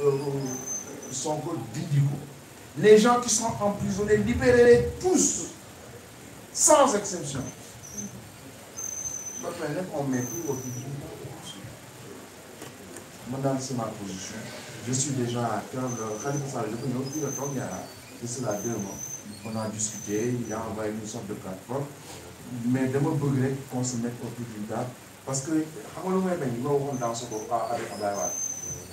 euh, son code vidéo. Les gens qui sont emprisonnés, libérez-les tous, sans exception. Donc maintenant, on plus au Madame, c'est ma position. Je suis déjà à terme. de cela deux mois. On a discuté, il y a envoyé une sorte de plateforme. Mais de mon regret qu'on se mette au d'une Parce que, dans ce ah, avec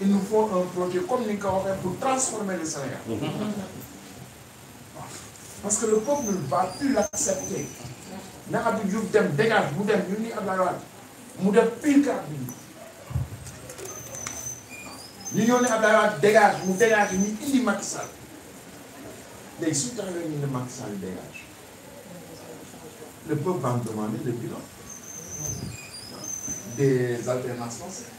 il nous faut un projet comme ni pour transformer le Sénégal. Mhm. parce que le peuple ne va plus l'accepter. na Diouf dem dégage mu dem ñu ni Abdoulaye Wade mu def pire que Abdou Diouf dégage mu dégage ni indi Macky Sall léegi suñu taxawee ñu dégage le peuple va me demander le bilan des alternances françaises.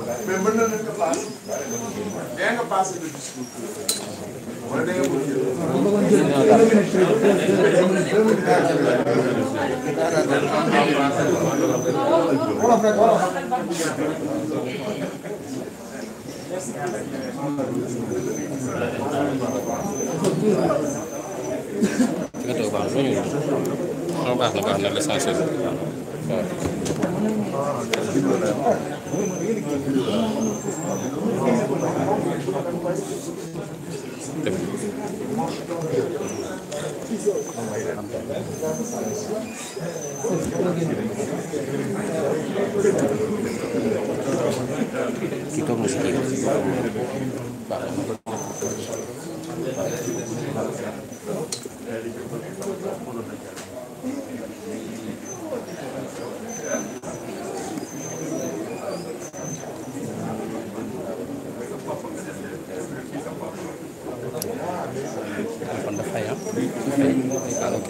mais mën na leen ko paase. nee nga paase le discours. wala da nga ko jël. wolof rek wolof. fi nga toog baax na baax na baax na l'essentiel waaw. Kita mesti Ok.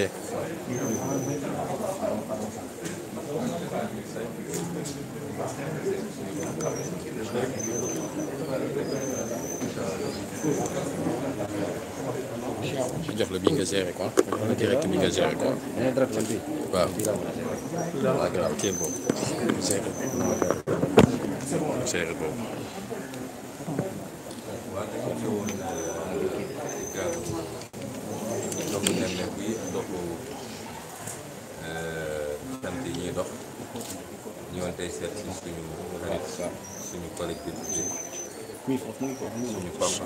jox la bii nga géré quoi. direct bi nga géré quoi. waaw. waaw grave kii boobu. géré géré boobu. doxu nemmeeku yi ak doxu euh, yi ñuy dox ñëwoon tey seet si suñu xarit suñu collectivité suñu papa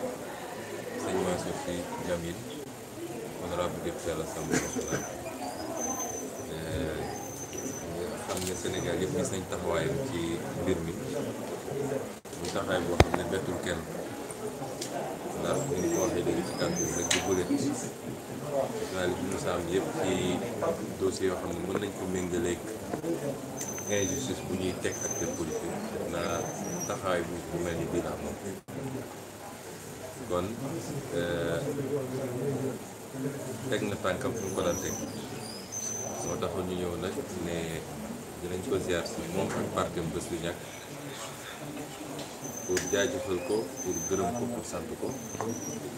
sëñ Mansour Sy Djamil honorable député à l'Assemblée nationale euh, xam ne Sénégal yëpp gis nañ taxawaayam ci mbir mi ñu taxawaay boo xam ne bettul kenn ndax bu ñu ko waxee léegi ci kàddu yi rek di bële naa li ñu saam yëpp ci dossier yoo xam ne mën nañ ko méngaleeg injustice bu ñuy teg acteur politique naa taxawaay bu bu mel ni bii kon euh, teg na tànkam fu mu ko teg moo taxoon ñu ñëw nag ne dinañ ko ziar si moom ak partem bés lu ñàkk और जायज फल को और गर्म को प्रसाद को